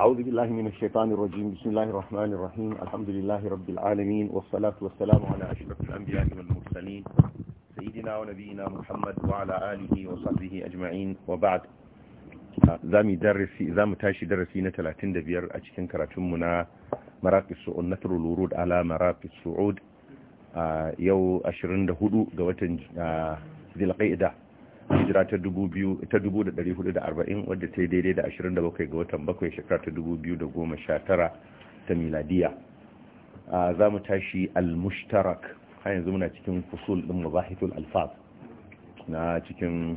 أعوذ بالله من الشيطان الرجيم بسم الله الرحمن الرحيم الحمد لله رب العالمين والصلاة والسلام على أشرف الأنبياء والمرسلين سيدنا ونبينا محمد وعلى آله وصحبه أجمعين وبعد زامي درسي زام تاشي درسي نتلاتين دبير أجتن كراتمنا مراقب السعود نتر الورود على مراقب السعود يو أشرن دهدو قوة ذي القيدة hijira ta 2440 wadda ta yi daidai da 27 ga watan 7 shekara ta 2019 ta miladiya za mu tashi al-mushtarak har yanzu muna cikin fusul din mabahithul alfaz na cikin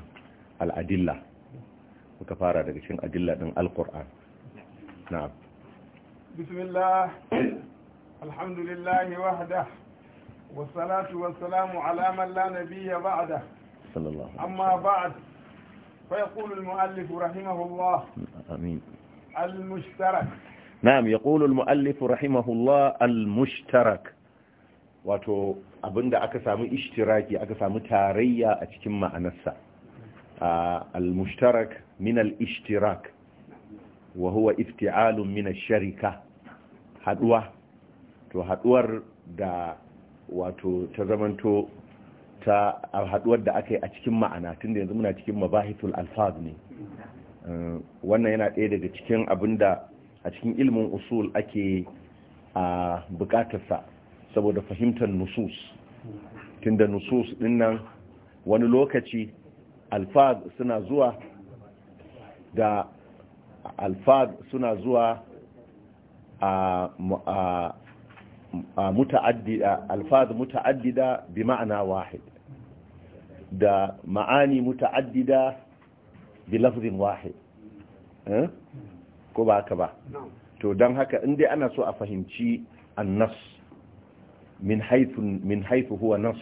al-adilla muka fara daga cikin adilla din al-qur'an na'am bismillah alhamdulillahi wahda wasalatu wasalamu على من لا نبي بعده صلى الله عليه وسلم. أما بعد فيقول المؤلف رحمه الله أمين المشترك نعم يقول المؤلف رحمه الله المشترك واتو أبند أكسام اشتراكي أكسام تارية أتكم عن السا آه، المشترك من الاشتراك وهو افتعال من الشركة هدوة تو هدوة دا واتو تزمنتو ta haduwar da aka yi a cikin ma'ana tun da yanzu muna cikin mabahitul alfaz ne eh, wannan yana ɗaya daga cikin abin da a cikin ilmin usul ake a bukatarsa saboda fahimtar nusus tun da nusus dinnan wani lokaci alfaz suna zuwa da alfaz suna zuwa a muta'addida alfaz muta'addida bi ma'ana wahid da ma'ani muta'addida bi lafzin wahid eh? ko ba haka ba to don haka inda ana so a fahimci annas min haythu min haythu huwa nas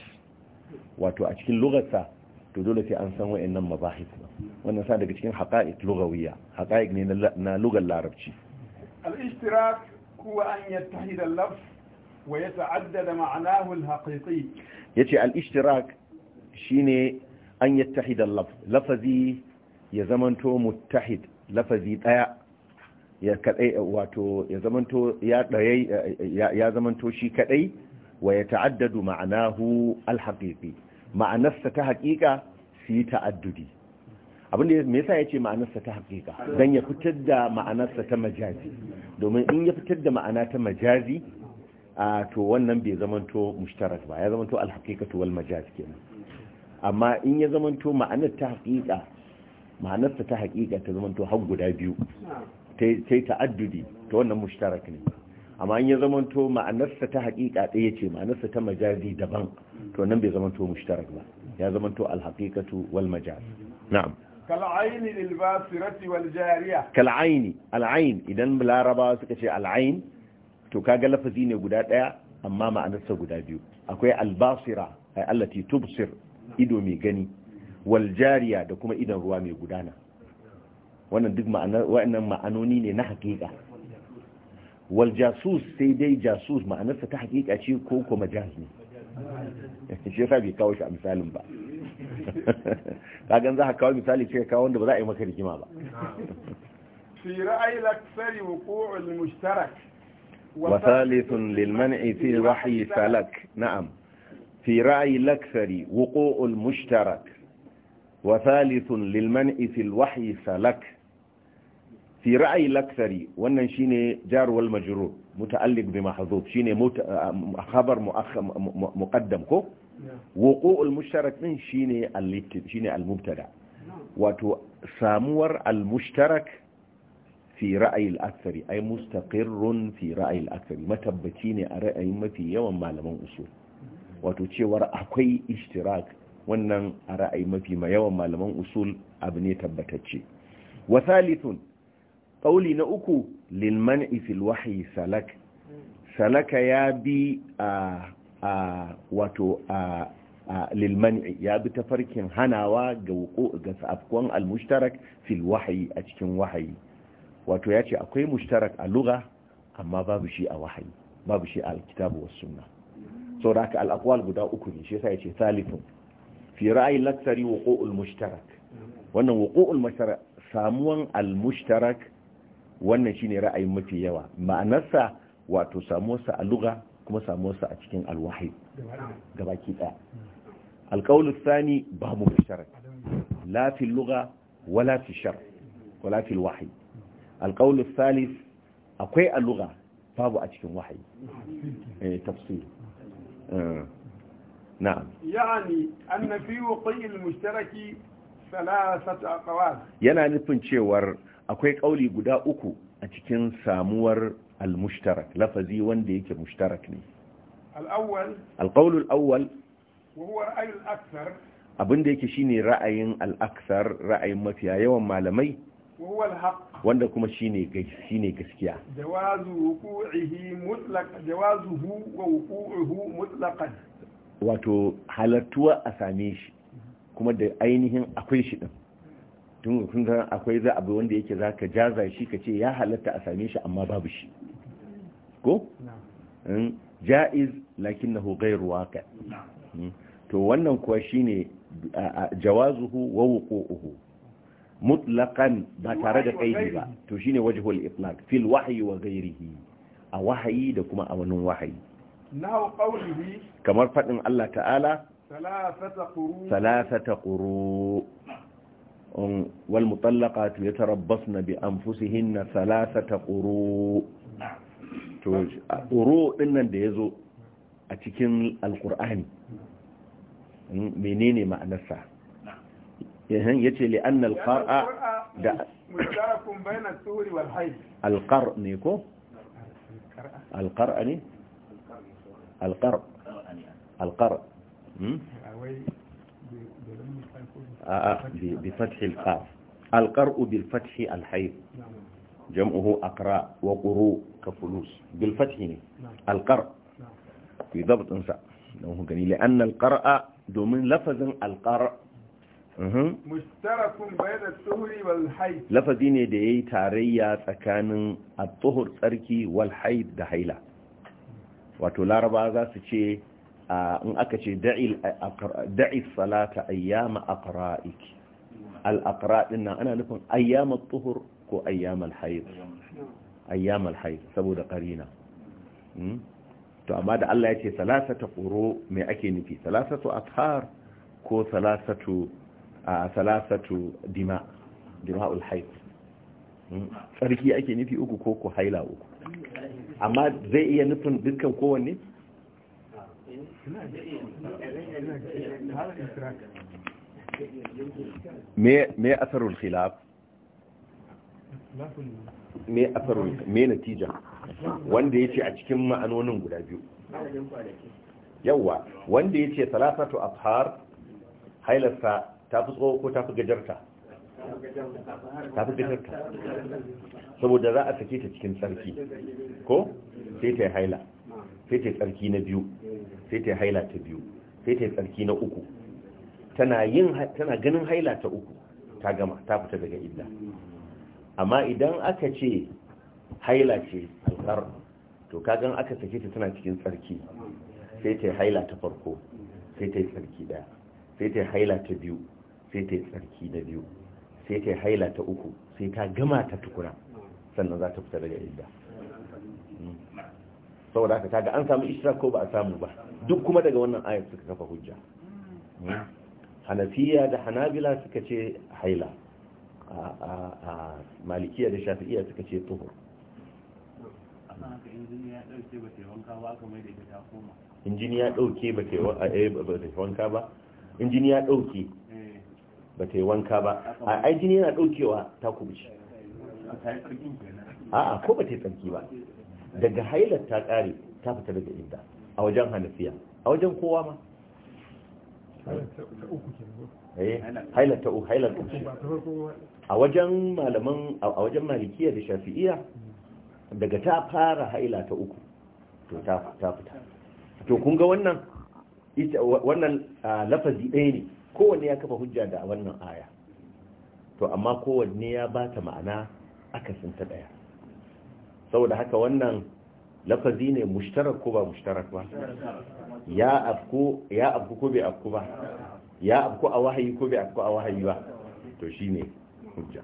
wato a cikin lugarsa to dole sai an san wayannan mabahith wannan sa daga cikin haqa'iq lugawiyya haqa'iq ne na lugar larabci al-ishtirak huwa an yattahida al-lafz wa yata'addada ma'nahu al-haqiqi yace al-ishtirak shine an yattahid al-laf lafazi ya zamanto muttahid lafazi daya ya kadai wato ya zamanto ya dayai ya zamanto shi kadai wa yata'addadu ma'anahu al ma'anarsa ta haqiqa yi ta'addudi abinda me yasa yace ma'anarsa ta haqiqa dan ya fitar da ma'anarsa ta majazi domin in ya fitar da ma'ana ta majazi to wannan bai zamanto mushtarak ba ya zamanto al-haqiqatu wal majaz kenan amma in ya zamanto ma'anar ta haƙiƙa ma'anarsa ta hakika ta zamanto har guda biyu sai ta'addudi ta wannan mushtarak ne amma in ya zamanto ma'anarsa ta hakika ɗaya ce ma'anarsa ta majazi daban to nan bai zamanto mushtarak ba ya zamanto alhaqiqatu wal majaz na'am kal'aini lilbasirati wal jariya kal'aini al'ain idan larabawa suka ce al'ain to kaga lafazi ne guda ɗaya amma ma'anarsa guda biyu akwai albasira ay allati tubsir ido mai gani wal jariya da kuma idan ruwa mai gudana wannan duk wa'annan ma'anoni ne na hakika wal jasus sai dai jasus ma'anarsa ta hakika ce ko kuma jaz ne shi yasa bai kawo shi a misalin ba kagan za ka kawo misali ce kawo wanda ba za a yi maka rigima ba fi ra'ayi laksari wuqu'ul mushtarak wa thalithun lil man'i fi wahyi salak na'am في رأي الأكثر وقوء المشترك وثالث للمنع في الوحي فلك في رأي الأكثر وأن شيني جار والمجرور متعلق بمحظوظ شيني مت... خبر مؤخ... م... مقدم كو نعم. وقوء المشترك من شيني, الليت... شيني المبتدع نعم. وتسامور المشترك في رأي الأكثر أي مستقر في رأي الأكثر متبتيني أرأي متي يوم ما لمن أصول wato cewar akwai ishtirak wannan a ra'ayi mafi ma yawan malaman usul abu ne tabbatacce wa salithun qauli na uku lil man'i fil wahyi salak salaka ya bi a a wato a lil man'i ya bi tafarkin hanawa ga ga safkon al mushtarak fil wahyi a cikin wahayi wato ya ce akwai mushtarak a lugha amma babu shi a wahyi babu shi a alkitabu was sunnah sauraka al'akwal guda uku ne shi yasa ya ce salifin fi ra'ayi laksari wuqu'ul mushtarak wannan wuqu'ul mushtarak samuwan al-mushtarak wannan shine ra'ayin mafi yawa ma'anarsa wato samuwarsa a lugha kuma samuwarsa a cikin alwahi gabaki daya alqawl athani ba mushtarak la fi lugha wala fi shar wala fi akwai a lugha babu a cikin wahayi eh Eh. na'am yani anna fi wuqi'il mushtaraki thalathatu yana nufin cewar akwai kauli guda uku a cikin samuwar al-mushtarak lafazi wanda yake mushtarak ne al-awwal al-qawl al-awwal wa huwa ra'y al-akthar abinda yake shine ra'ayin al-akthar ra'ayin mafiya yawan malamai wa huwa al-haqq wanda kuma shine shine gaskiya jawazu wuqu'ihi mutlaq jawazuhu wa wuqu'uhu mutlaqan wato halattuwa a same shi kuma da ainihin akwai shi din tun kun ga akwai za abu wanda yake zaka jaza shi kace ya halatta a same shi amma babu shi ko hmm? ja'iz lakinnahu ghayru waqi' hmm? to wannan kuwa shine jawazuhu wa wuqu'uhu mutlaqan ba tare da kaidi ba to shine wajhul itlaq fil wahyi wa ghairihi a wahayi da kuma a wani wahayi kamar faɗin Allah ta'ala thalathata quru thalathata quru um, wal mutallaqatu na bi anfusihinna thalathata quru to quru dinnan da zo a cikin alƙur'ani um, menene ma'anarsa يهن يتي لأن القرء مشترك بين السور والحيض القرء نيكو القرء ني القرء القرء آه، آه، بفتح القاف القرء بالفتح الحيض جمعه أقراء وقروء كفلوس بالفتح ني القرء في ضبط لأن القرء دومين لفظ القرء Mhm. mustarakun bayan tsuhuri wal haid lafazi ne da yayi tarayya tsakanin at-tuhur tsarki wal haid da haila wato laraba za su ce in aka ce da'i salata ayyama aqra'ik al-aqra' din ana nufin ayyama tuhur ko ayyama haid ayyama haid saboda ƙarina hmm? to amma da Allah ya ce salasata quru me ake nufi salasatu athar ko salasatu salasatu dima dima'ul haid hmm? tsarki ake nufi uku ko ku haila uku amma zai iya nufin dukkan kowanne me asarul khilaf me asarul me natija wanda ya ce a cikin ma'anonin guda biyu yawa wanda ya ce salasatu afhar hailarsa tafi tsoho ko tafi gajarta tafi gajarta saboda za a sake ta cikin tsarki ko sai ta yi haila sai ta yi tsarki na biyu sai ta yi haila ta biyu sai ta yi tsarki na uku tana ganin haila ta uku ta gama ta fita daga idda amma idan aka ce haila ce alfar to kagan aka sake ta tana cikin tsarki sai ta yi haila ta farko sai ta yi tsarki daya sai ta yi haila ta biyu sai ta yi tsarki na biyu sai ta yi haila ta uku sai ta gama ta tukuna sannan za ta fita daga idda saboda haka ga an samu ishrak ko ba a samu ba duk kuma daga wannan ayat suka kafa hujja hanafiya da hanabila suka ce haila a malikiya da shafi'iya suka ce tuhur injini ya dauke ba ta wanka ba injini ya dauke ba ta yi wanka ba a ne yana daukewa ta kubuce a'a ko ba ta yi tsarki ba daga hailar ta kare ta fita daga inda a wajen hanafiya a wajen kowa ma eh, hailar ta uku hailar kuce a wajen malaman a wajen malikiya da shafi'iya daga ta fara haila ta uku to ta fita to kun ga wannan wannan lafazi ɗaya ne kowanne ya kafa hujja da wannan aya to amma kowanne ya ba ta ma'ana akasin ta daya saboda haka wannan lafazi ne mushtarar ko ba mushtarar ba ya afku ya afku ko bai afku ba ya afku a wahayi ko bai afku a wahayi ba to shine hujja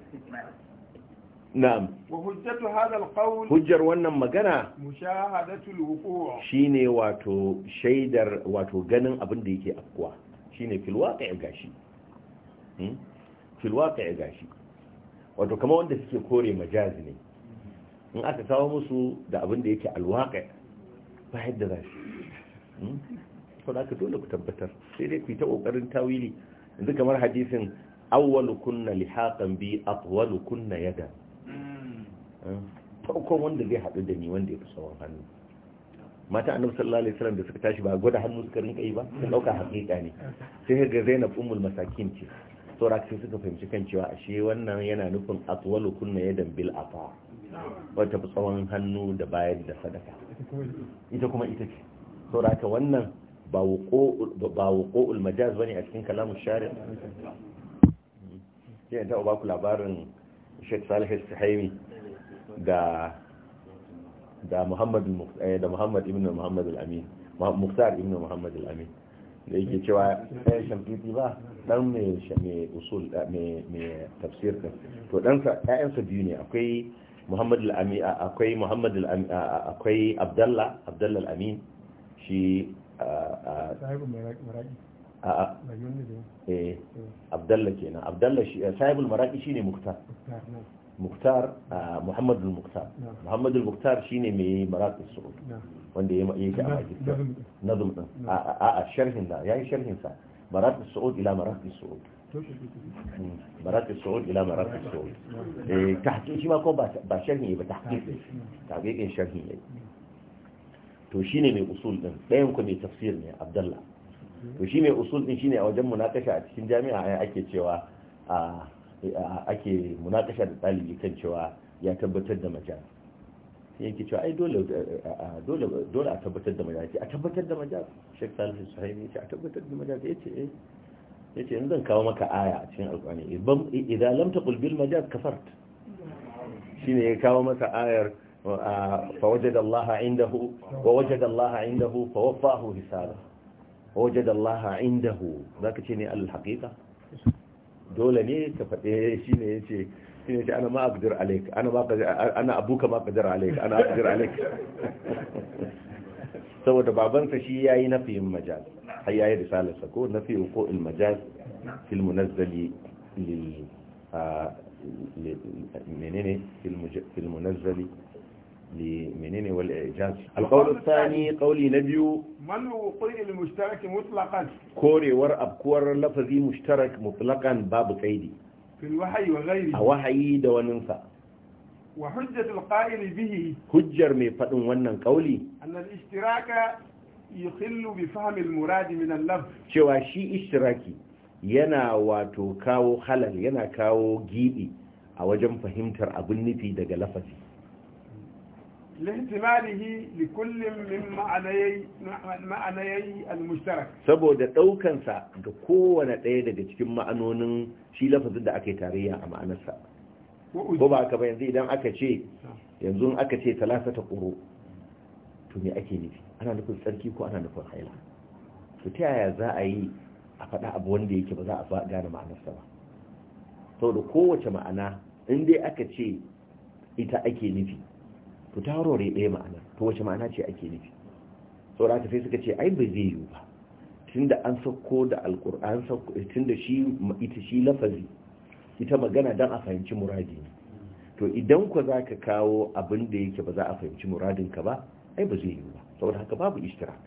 نعم وحجة هذا القول Hujjar wannan magana mushahadatul wuqu' shine wato shaidar wato ganin abin da yake afkuwa shine fil waqi'i gashi hmm? fil waqi'i gashi wato kamar wanda suke kore majazi ne in aka kawo musu da abin da yake alwaƙa ba yadda za su hmm? sau da aka dole ku tabbatar sai dai ku yi ta ƙoƙarin tawili yanzu kamar hadisin awwalu kunna lihaqan bi atwalu kunna yada hmm? kuma wanda zai haɗu da ni wanda ya fi tsawon hannu mata annabi sallallahu alaihi wasallam da suka tashi ba gwada hannu suka rinka yi ba su dauka hakika ne sai ga Zainab ummul masakin ce saura sai suka fahimci kan cewa ashe wannan yana nufin atwalu kunna yadan bil afa wata tsawon hannu da bayar da sadaka ita kuma ita ce saura wannan ba wuqo'ul majaz bane a cikin kalamu shari'a sai ta ba ku labarin Sheikh Salih al ga da muhammad eh, da muhammad ibn muhammad al-amin muktar ibn muhammad al-amin da yake cewa ɗan shamfiti ba dan mai usul mai tafsir to ɗansa ƴaƴansa biyu ne akwai muhammad al-amin akwai muhammad al-amin akwai abdallah abdallah al-amin shi a'a eh kenan abdallah shi eh, sahibul shine muktar مختار آه، محمد المختار نعم. محمد المختار شيني مي مرات السعود نعم. وندي ما يجي نظم نظم الشرح آه، نعم. آه، هنا يا الشرح هنا مرات السعود إلى مرات السعود مرات السعود إلى مرات السعود إيه، تحقيق شو ما كوب بشرحه بتحقيق تحقيق الشرح تو شيني من أصول ده لا يمكن تفسيرني عبد الله تو شيني أصول ده شيني أوجد مناقشة في الجامعة أكيد شو آه ake munakasha da ɗalibi kan cewa ya tabbatar da majaz yake cewa ai dole a tabbatar da majaz a tabbatar da majaz Sheikh Salisu Suhaimi yace a tabbatar da majaz yace eh yace in zan kawo maka aya a cikin alƙur'ani idan lamta taqul bil majaz kafart shine ya kawo masa ayar فوجد الله عنده hisara الله عنده a حسابه ووجد الله عنده ذاك شيء الحقيقه dole ne ka faɗe shi ne ya ce shi ne ce ana ma alaik ana abuka ma alaik ana abdur alaik saboda babansa shi ya yi nafiyin majal har ya yi risalarsa ko nafiyin ko in majal fil munazzali lil menene fil munazzali لمنين والإعجاز القول الثاني قولي نبيو من وقول المشترك مطلقا كوري ور أبكور لفظي مشترك مطلقا باب قيدي في الوحي وغيره وحي دو ننسى وحجة القائل به حجر مي فدن wannan قولي أن الاشتراك يخل بفهم المراد من اللفظ شو شي اشتراكي yana wato kawo halal yana kawo gibi a wajen fahimtar abin nufi daga lafazi لاحتماله لكل kullum min معنيي al سبب saboda ɗaukansa ga kowane ɗaya daga cikin ma'anonin shi lafazin da aka yi tarayya a ma'anarsa ko ba ka ba yanzu idan aka ce yanzu aka ce talata ta to me ake nufi ana nufin Sarki ko ana nufin haila to ta yaya za a yi a faɗa abu wanda yake ba za a gane ma'anarsa ba saboda kowace ma'ana in dai aka ce ita ake nufi to ta warware ɗaya ma'ana to wace ma'ana ce ake nufi saboda haka sai suka ce ai ba zai yiwu ba tunda an sauko da alkur'an tunda shi ita shi lafazi ita magana don a fahimci muradi ne to idan ku za ka kawo abin da yake ba za a fahimci muradinka ba ai ba zai yiwu ba saboda haka babu ishtirak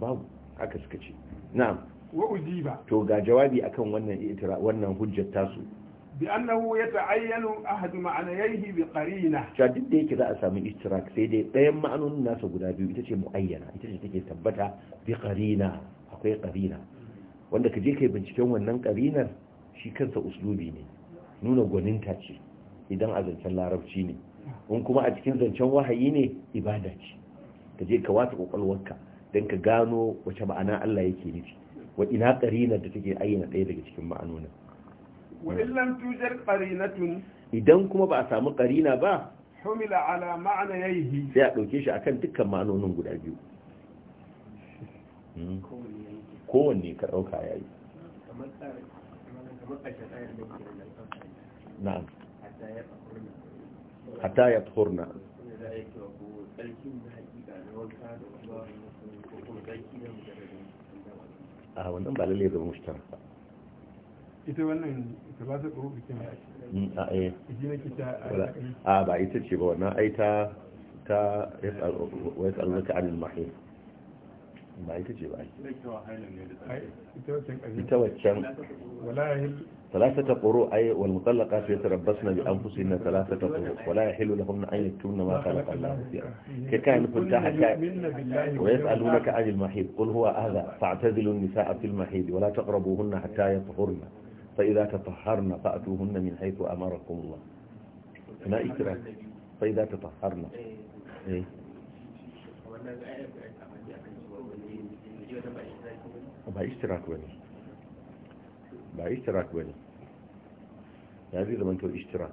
babu haka suka ce na'am wa ujiba to ga jawabi akan wannan wannan hujjar tasu bi annahu yata'ayyanu ahadu ma'anayhi bi qarina cewa da yake za a samu istirak sai dai ɗayan ma'anonin nasa guda biyu ita ce ayyana ita ce take tabbata bi qarina akwai qarina wanda ka je kai binciken wannan qarinar shi kansa uslubi ne nuna gwaninta ce idan a zancen larabci ne in kuma a cikin zancen wahayi ne ibada ce ka je ka wata kwakwalwarka don ka gano wace ma'ana Allah yake nufi wa ina ƙarinar da take ayyana ɗaya daga cikin ma'anonin wa illam tujar idan kuma ba a samu karina ba humila ala ma'ana sai a ɗauke shi akan dukkan ma'anonin guda biyu hmm. kowanne ka dauka yayi na'am hatta ya tuhurna a ah, wannan ba zama ita wannan talata ko bikin mm, a eh a ba ita ce ba wannan ai ta ta yasalunka anil mahir ba ita ce ba ita waccan ثلاثة قروء أي والمطلقات يتربصن بأنفسهن ثلاثة قروء ولا يحل لهن أن يكتمن ما خلق الله فيها ككان فلتحك ويسألونك عن المحيط قل هو أهذا فاعتزلوا النساء في المحيط ولا تقربوهن حتى يطهرن فإذا تطهرنا فأتوهن من حيث أمركم الله ما إكره فإذا تطهرنا إيه بايشتراك بني بايشتراك بني يا ذي زمان كو اشتراك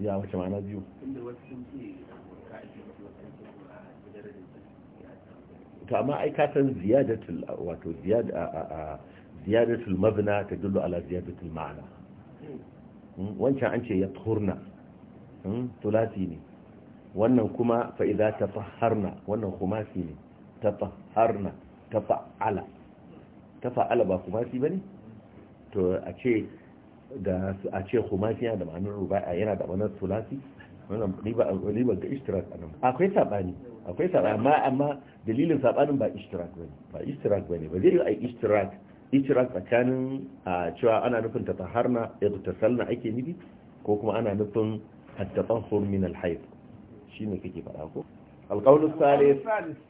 يا وش معنا ديو كما أي كاتن زيادة الواتو زيادة آه، آه، آه، ziyadatul mabna tadullu ala ziyadatul ma'ana hmm? wancan an ce yathurna hmm? tulasi ne wannan kuma fa idza faharna wannan kumasi ne faharna tafa'ala tafa'ala ba khumasi bane to a ce da a ce khumasi yana da ma'anar ruba'a yana da ma'anar tulasi wannan riba riba ga ishtirak anan akwai sabani akwai sabani amma amma dalilin sabanin ba ishtirak bane ba ishtirak bane ba zai yi ai ishtirak itira tsakanin a cewa ana nufin ta taharna na ake nufi ko kuma ana nufin at-tatahhur min al-hayd shine kake faɗa ko alqawlu salih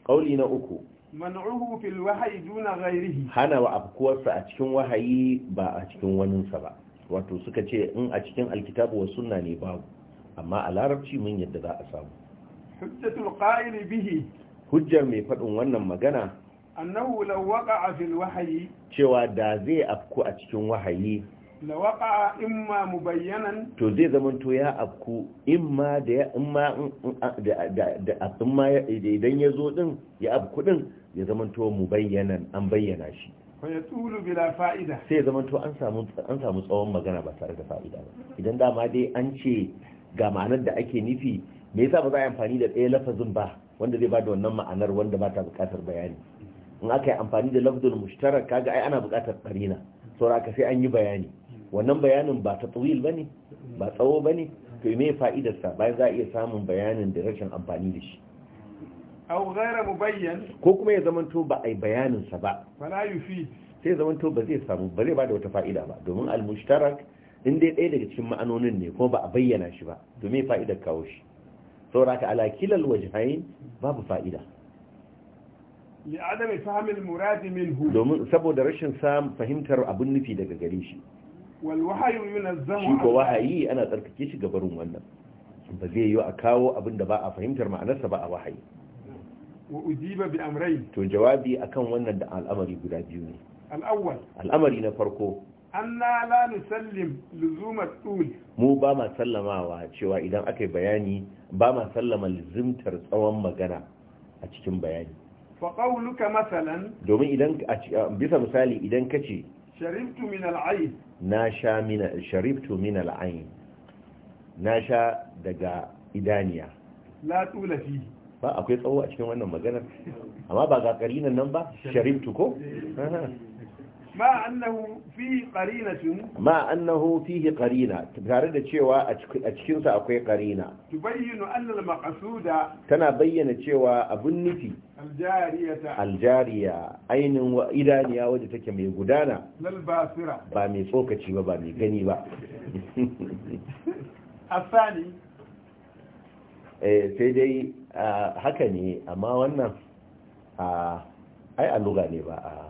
qawli na uku man'uhu fil wahyi duna ghayrihi hana wa abkuwarsa a cikin wahayi ba a cikin waninsa ba wato suka ce in a cikin alkitabu wa sunna ne babu amma a larabci mun yadda za a samu hujjatul qa'ili bihi hujjar mai faɗin wannan magana annahu law waqa'a fil wahyi cewa da zai afku a cikin wahayi la waqa'a imma mubayyanan to zai zaman to ya afku imma da ya imma da imma idan ya zo din ya afku din ya zaman to mubayyanan an bayyana shi fa yatulu bila fa'ida sai zaman to an samu an samu tsawon magana ba tare da fa'ida ba idan dama dai an ce ga ma'anar da ake nufi me yasa ba za a yi amfani da ɗaya lafazin ba wanda zai ba da wannan ma'anar wanda ba ta buƙatar bayani in aka yi amfani da lafzul mushtarar kaga ai ana buƙatar ƙarina saura ka sai an yi bayani wannan bayanin ba ta tsawil bane ba tsawo bane to mai fa'idarsa bayan za a iya samun bayanin da rashin amfani da shi zaira mu bayan. ko kuma ya to ba a yi bayaninsa ba fala yufi sai to ba zai samu ba zai bada wata fa'ida ba domin al mushtarak in dai ɗaya daga cikin ma'anonin ne ko ba a bayyana shi ba to mai fa'idar kawo shi saboda ka ala kilal babu fa'ida li'adami fahimil muradi minhu domin saboda rashin sam fahimtar abin nufi daga gare shi wal wahayu yunazzamu shi ko wahayi ana tsarkake shi gabarin wannan ba zai yi a kawo abin da ba a fahimtar ma'anarsa ba a wahayi wa ujiba bi amrayn to jawabi akan wannan da al'amari guda biyu ne al'awwal al'amari na farko anna la nusallim luzumat tul mu ba ma sallamawa cewa idan aka yi bayani ba ma sallama lizimtar tsawon magana a cikin bayani faƙauluka matsalan domin idan bisa misali idan ka ce sharibtu min al'ayin na sha sharibtu min al'ayin na sha daga idaniya la tulafi ba akwai tsawo a cikin wannan maganar amma ba ga ƙarinan nan ba sharibtu ko ma ƙarina fihi qarinatun ma annahu fihi qarina tare da cewa a cikin akwai ƙarina. tubayyinu anna al-maqsuda tana bayyana cewa abun nufi aljariyata aljariya ainin wa idaniya wadda take mai gudana lal basira ba mai tsokaci ba ba mai gani ba asani eh sai dai ah, haka ne amma wannan ah, a a luga ne ba ah.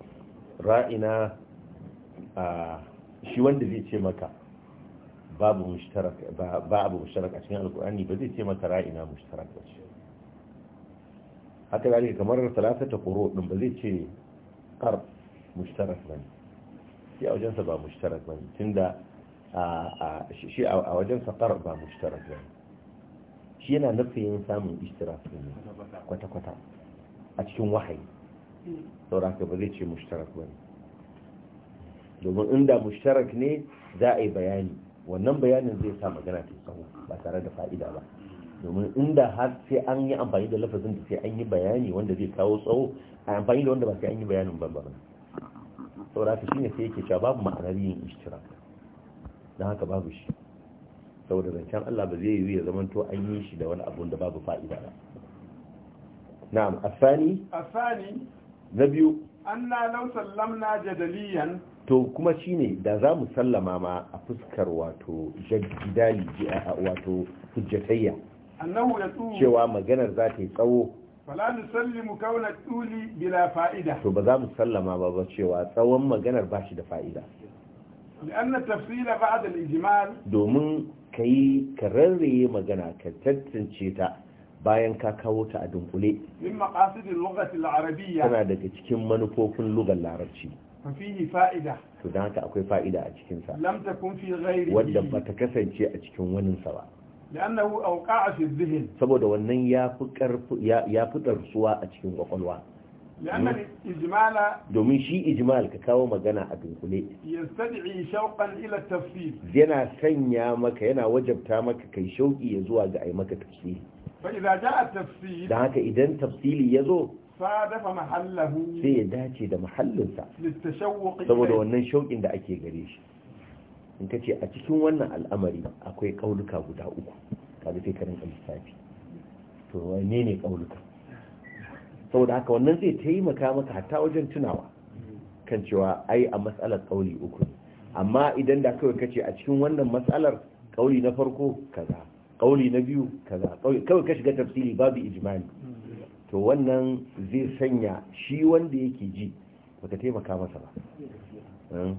ra'ina a shi wanda zai ce maka babu mushtarak ba abu mushtarak a cikin alkur'ani ba zai ce maka ra'ina mushtarak ba ce haka zalika kamar ta quru din ba zai ce qar mushtarak ne shi a wajensa ba mushtarak ne tunda a shi a wajensa qar ba mushtarak ne shi yana nufin samun ishtirak ne kwata-kwata a cikin wahayi saura ka ba zai ce mushtarak ba ne domin inda mushtarak ne za a yi bayani wannan bayanin zai sa magana ta tsawo ba tare da fa'ida ba domin inda har sai an yi amfani da lafazin da sai an yi bayani wanda zai kawo tsawo a amfani da wanda ba sai an yi bayanin ban ba saura ka shine sai yake cewa babu ma'anar yin ishtirak don haka babu shi saboda zancen Allah ba zai yi ya to an yi shi da wani abu da babu fa'ida ba na'am asani asani na biyu anna lamna sallamna jadaliyan to kuma shine da za mu sallama ma a fuskar wato a wato hujjatayya annahu cewa maganar za ta yi tsawo fala nusallimu kauna tuli bila fa'ida to ba za mu sallama ba ba cewa tsawon maganar ba shi da fa'ida li'anna tafsila ba'da al-ijmal domin kai ka rarraye magana ka tantance ta bayan ka kawo ta a dunkule min maqasidil lughati al-arabiyya tana daga cikin manufofin lugar larabci fihi fa'ida to dan haka akwai fa'ida a cikin sa lam takun fi ghairihi wanda ba ta kasance a cikin wani sa ba لأنه أوقع في الذهن سبب wannan ya fi karfi ya fi darsuwa a cikin kwakwalwa لأن الإجمال domin shi ijmal ka kawo magana a dunkule yastad'i shauqan ila tafsir yana sanya maka yana wajabta maka kai shauki ya zuwa ga ai maka tafsiri da haka idan tafsili ya zo sai ya dace da mahallinsa saboda wannan shauƙin da ake gare shi in ka ce a cikin wannan al'amari akwai ƙaunuka guda uku kaga sai karin lissafi to wane ne ƙaunuka saboda haka wannan zai taimaka maka hatta wajen tunawa kan cewa ai a matsalar ƙauli uku amma idan da kawai kace a cikin wannan matsalar ƙauli na farko kaza kauli na biyu kaza kawai ka shiga tafsiri babu ijmali to wannan zai sanya shi wanda yake ji baka taimaka masa ba hmm?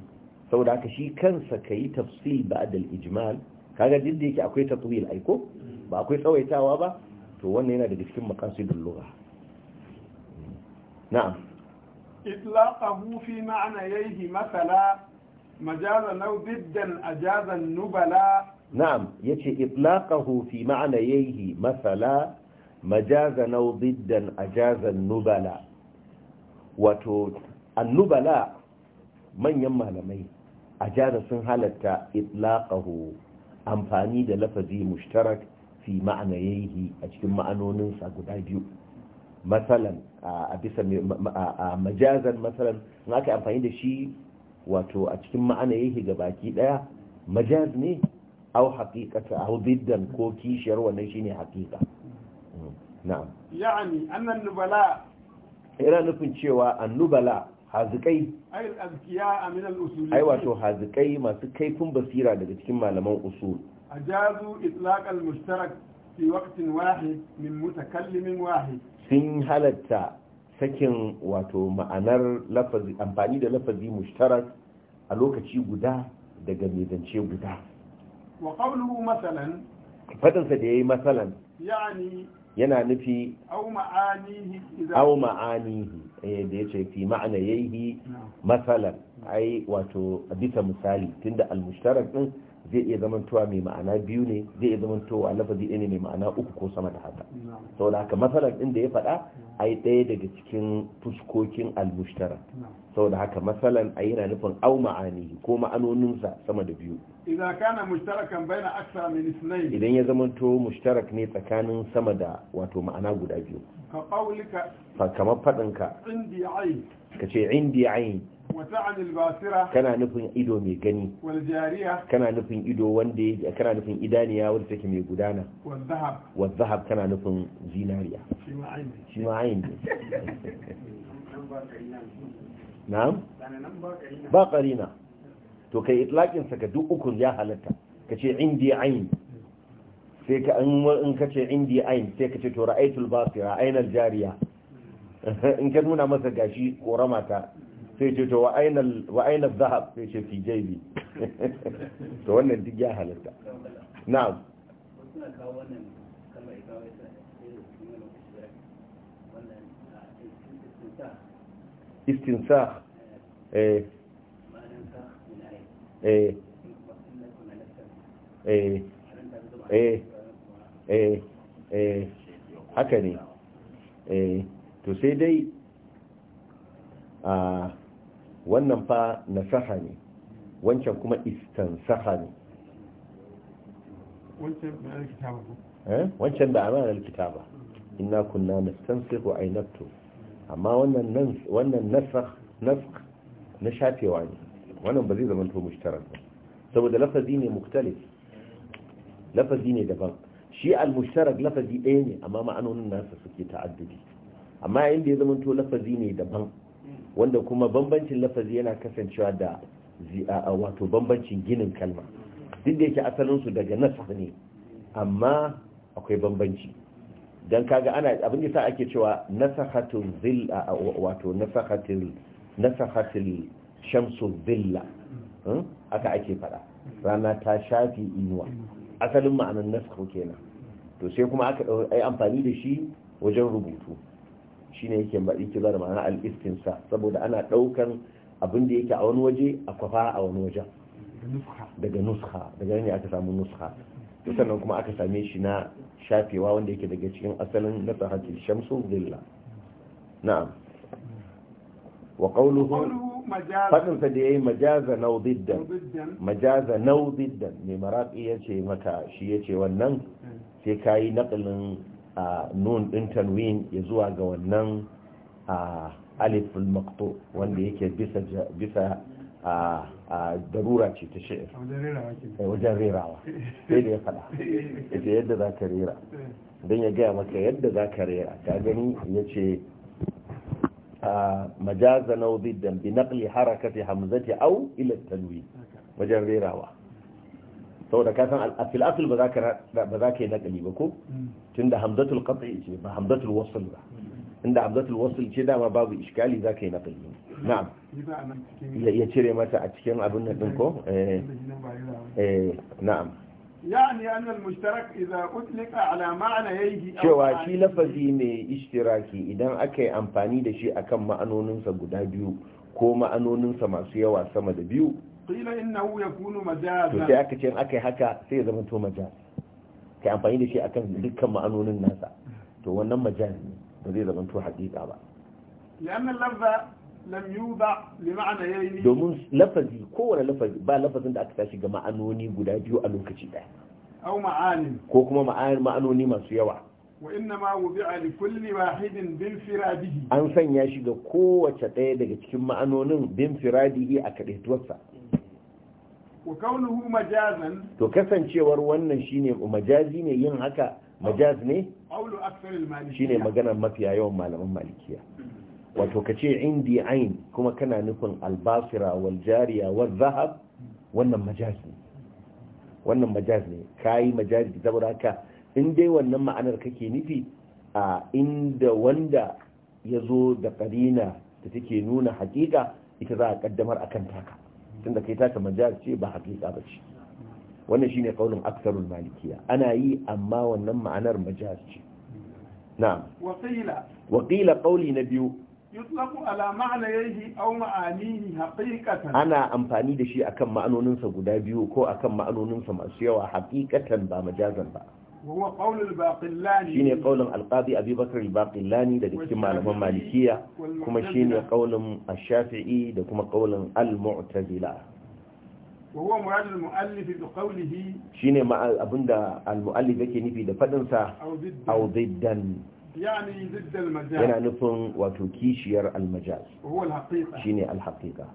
da haka shi kansa kayi tafsil ba'da da ijmal kaga din da yake akwai tatwil aiko, ba akwai tsawaitawa ba to wannan yana daga cikin maqasidul lugha na'am itlaqahu fi ma'nayhi mathala majaza law biddan ajaza nubala na'am yace itlaqahu fi ma'anayhi masala majazan aw diddan nubala wato annubala manyan malamai ajaza sun halatta itlaqahu amfani da lafazi mushtarak fi ma'anayhi a cikin sa guda biyu masalan a bisa majazan masalan in aka amfani da shi wato a cikin ga baki daya majaz ne au haqiqata au biddan ko kishiyar wannan shine haƙiƙa. Mm, na'am ya'ani annan nubala ira nufin cewa annubala hazikai ai wato hazikai masu kaifin basira daga cikin malaman usul ajazu itlaq al-mushtarak fi waqtin wahid min mutakallimin wahid sun halatta sakin wato ma'anar lafazi amfani da lafazi mushtarak a lokaci guda daga mai zance guda wa qawluhu masalan da yayi masalan yana nufi au ma'anihi eh, da ya ce da fi ma'ana yayi masalan ai wato bisa misali tunda al-mushtarak din zai iya zamantowa mai ma'ana biyu ne zai iya zamantowa lafazi ɗaya ne mai ma'ana uku ko sama da haka Sau da haka masalar inda ya faɗa ai ɗaya daga cikin fuskokin almushtara da haka masalar ai yana nufin au ma'ani ko ma'anoninsa sama da biyu idan kana mushtarakan baina aksa min ithnain idan ya zamanto mushtarak ne tsakanin sama da wato ma'ana guda biyu ka qaulika kamar fadin ka indi ayn kace indi kana nufin ido mai gani kana nufin ido wanda ya kana nufin idaniya wanda take mai gudana wa zahab kana nufin zinariya shi ma ayin ne na'am ba qarina to kai itlaqin sa duk ukun ya halatta ka ce indi ayin sai ka in ce indi ayin sai ka ce to ra'aytul basira ainal jariya in ka nuna masa gashi korama ta sai ce to wa zahab sai ce fi jaibi to wannan duk ya halatta na'am istinsa eh. Eh. Eh. haka ne eh to sai dai a ah, wannan fa nasaha ne wancan kuma istansaha ne wancan da amanar eh? kitaba inna kunna nastansihu aynaktu amma wannan nan wannan nasakh nasakh na shafewa ne wannan ba zai zama to mushtarak ba saboda lafazi ne muktalif lafazi ne daban shi al-mushtarak lafazi ɗaya ne amma ma'anonin nasa suke ta'addudi amma inda ya zama to lafazi ne daban wanda kuma bambancin lafazi yana kasancewa da wato bambancin ginin kalma duk da yake asalinsu daga nasf ne amma akwai bambanci don kaga ana abin da sa ake cewa nasahatul zilla wato nasahatul nasahatul shamsu zilla hmm? aka ake fada rana ta shafi inuwa asalin ma'anar nasakhu kenan to sai kuma aka yi amfani da shi wajen rubutu shine yake baɗi kiza da ma'ana al-istinsa saboda ana ɗaukar abin da yake a wani waje a kwafa a wani wajen daga nuska daga ne aka samu nuska sannan kuma aka same shi na shafewa wanda yake daga cikin asalin na sahatul shamsu zilla na'am wa qawluhu fadin sa da yayi majaza naw diddan majaza naw ne maraqi yace maka shi yace wannan eh. sai kai naqlin nun din tanwin ya zuwa ga wannan alif al-maqtu wanda yake bisa bisa darura ce ta shi'ir eh, wajen rerawa sai da ya fada ita yadda za ka rera don ya gaya maka yadda za ka rera ta gani ya ce majaza na wuziddan bi naqli harakati hamzati au ila tanwi wajen rerawa saboda ka san al-fil ba za ka ba za yi nakali ba ko mm. tunda hamzatul qat'i ce ba hamzatul wasl ba inda mm. hamzatul wasl ce dama babu iskali za ka yi nakali mm. na'am ya cire mata a cikin abin nan din ko eh eh na'am يعني أن المشترك إذا أطلق على معنيه cewa shi lafazi mai ishtiraki idan aka yi amfani da shi akan ma'anoninsa guda biyu ko ma'anoninsa masu yawa sama da biyu qila innahu yakunu majazan to sai aka ce in aka yi haka sai ya zama to majaz kai amfani da shi akan dukkan ma'anonin nasa to wannan majaz ne ba zai zama to haƙiƙa ba لأن اللفظ لم يوضع لمعنيين domin lafazi ko wani lafazi ba lafazin da aka tashi ga ma'anoni guda biyu a lokaci daya. au ma'anin ko kuma ma'anoni masu yawa وإنما وضع لكل واحد بانفراده أن ga kowace ɗaya daga cikin ma'anonin binfiradihi a kadaituwarsa wa kaunuhu majazan to kasancewar wannan shine majazi ne yin haka majaz ne qawlu akthar al shine maganar mafiya yawan malaman malikiya wato kace indi ain kuma kana nufin albasira wal jariya wal zahab wannan majaz ne wannan majaz ne kai majazi saboda in dai wannan ma'anar kake nufi a inda wanda ya zo da karina da take nuna hakika ita za a kaddamar a kan taka tunda kai taka majal ce ba hakika ba ce wannan shine ƙaunin aksarul malikiya ana yi amma wannan ma'anar majal ce na'am Wakila. waqila qauli na biyu yutlaqu ala ma'anayhi aw ma'anihi haqiqatan ana amfani da shi akan ma'anoninsa guda biyu ko akan ma'anoninsa masu yawa haqiqatan ba majazan ba وهو قول الباقلاني شيني قول القاضي أبي بكر الباقلاني ده كما لهم مالكية كما شيني قول الشافعي ده كما قول المعتزلة وهو مراد المؤلف بقوله شيني ما أبن ده المؤلف يكي نفي ده فدنسا أو ضدا أو ضدا يعني ضد المجاز يعني نفن وتكيشير المجاز وهو الحقيقة شيني الحقيقة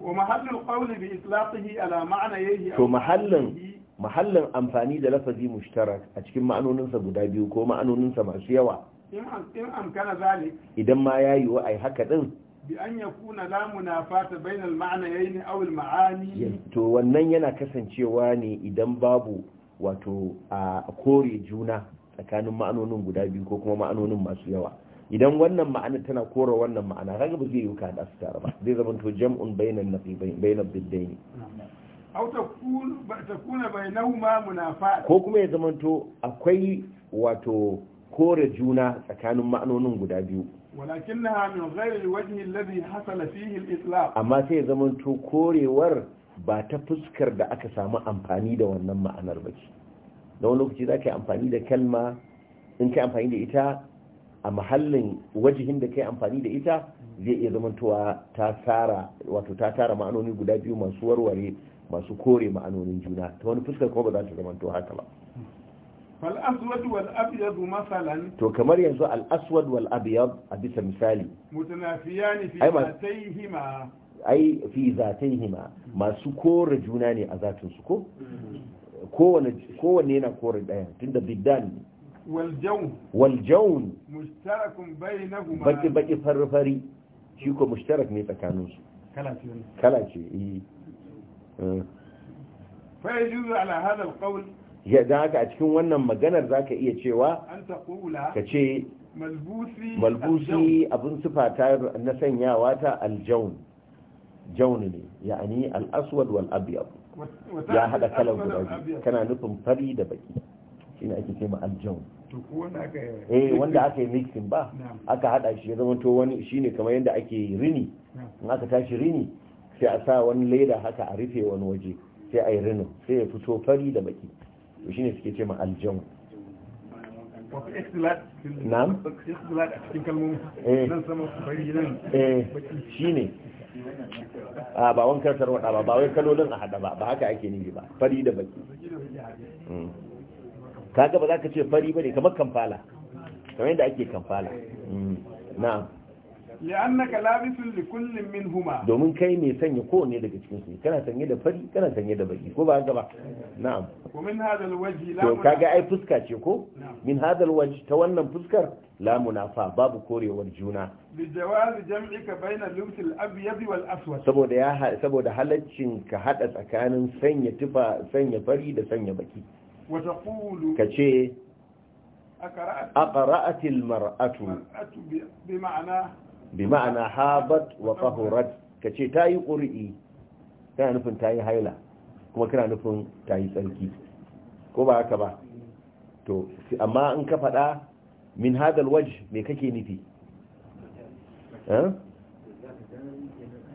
ومحل القول بإطلاقه على معنى يهي تو محل mahallin amfani da lafazi mushtarak a cikin ma'anoninsa guda biyu ko ma'anoninsa masu yawa in amkana zalik idan ma ya yiwu ai haka din bi an ya yakuna la munafata bainal ma'anayn aw al ma'ani to wannan yana kasancewa ne idan babu wato a kore juna tsakanin ma'anonin guda biyu ko kuma ma'anonin masu yawa idan wannan ma'ana tana kore wannan ma'ana kaga ba zai yiwu ka da su tare ba zai zama to jam'un bainan nafi bainan biddaini ko kuma ya zamanto akwai wato kore juna tsakanin ma'anonin guda biyu ولكنها من غير الوجه الذي Islam. Amma sai ya korewar ba ta fuskar da aka samu amfani da wannan ma'anar ba ce na wani lokaci za ka yi amfani da kalma in ka amfani da ita a mahallin wajihin da ka yi amfani da ita zai iya zamantowa wato ta tara ma'anoni guda biyu masu warware masu kore ma'anonin juna ta wani fuskar kuma ba za su zamanto haka ba فالأسود والأبيض مثلا تو كمر ينزو الأسود والأبيض أبيس مثالي متنافيان في أي ذاتيهما أي في ذاتيهما ما سكور جناني أذات سكور كون كون هنا كور الآية تند بالدان والجون والجون مشترك بينهما بقي بقي فرفري شيكو مشترك ميتا كانوس كلا شيء كلا شيء ya da haka a cikin wannan maganar za ka iya cewa ka ce malbusi abin sufata na sanyawa ta aljaun jaun ne ya'ani al'aswad wal abiyar ya haɗa kalar guda biyu kana nufin fari da baki shine ake ce ma aljaun eh wanda aka yi mixing ba aka haɗa shi ya zama to wani shi ne kamar yadda ake rini in aka tashi rini sai a sa wani leda haka a rufe wani waje sai a yi rinin sai ya fito fari da baki to shine suke ce ma aljamu na'am eh. eh, shine a ba wankan sarwada ba ba wai kalolin a hada ba ba haka ake nufi ba fari da baki hmm. kaga ba za ka ce fari ba ne kamar kamfala kamar yadda ake kamfala hmm. na'am li'annaka labisun li kullin minhuma domin kai mai sanya kowanne daga cikin su kana sanye da fari kana sanye da baki ko ba haka ba na'am wa hadal waji la to kaga ai fuska ce ko min hadal waji ta wannan fuskar la munafa babu korewar juna bi jawaz jam'ika bayna al-lubt al-abyad wal aswad saboda ya saboda halaccin ka hada tsakanin sanya tufa sanya fari da sanya baki wa taqulu kace أقرأت المرأة بمعنى bi ma'ana habat wa tahurat kace ta yi ƙuri'i kana nufin ta yi haila kuma kana nufin ta yi tsarki ko ba haka ba to amma in ka faɗa min hadal waj me kake nufi eh?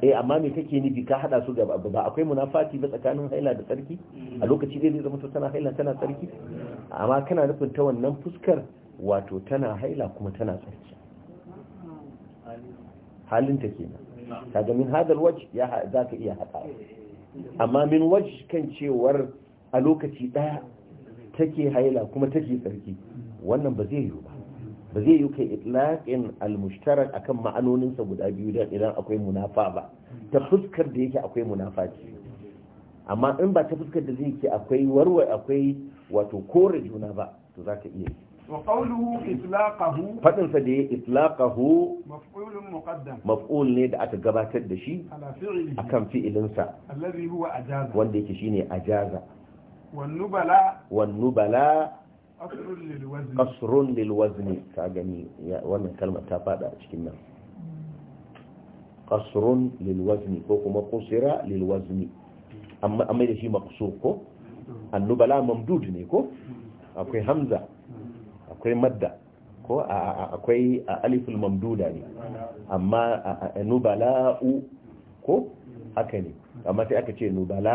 eh amma me kake nufi ka hada su gaba ba akwai munafati ba tsakanin haila da tsarki a lokaci dai zai zama to tana haila tana tsarki amma kana nufin ta wannan fuskar wato tana haila kuma tana tsarki halin halinta kenan kaga min hadal waj ya ka iya haɗa amma min waj kan cewar a lokaci ɗaya take haila kuma take tsarki wannan ba zai yiwu ba ba zai yiwu kai itlaqin al-mushtarak akan ma'anoninsa guda biyu dan idan akwai munafa ba ta fuskar da yake akwai munafa ce amma in ba ta fuskar da zai yake akwai warwa akwai wato kore juna ba to za zaka iya yi وقوله da ya سدي إطلاقه مفعول مقدم مفعول ني da aka gabatar da shi a kan fi'ilinsa wanda yake shi ne a jaza. wan nubala qasrun lil wazni ka gani wannan kalma ta fada a cikin nan qasrun lil ko kuma qusira lil wazni amma amma da shi maqsur ko mm. an nubala mamdud ne ko akwai hamza akwai madda ko akwai aliful mamduda ne amma nubala'u ko haka ne amma sai aka ce nubala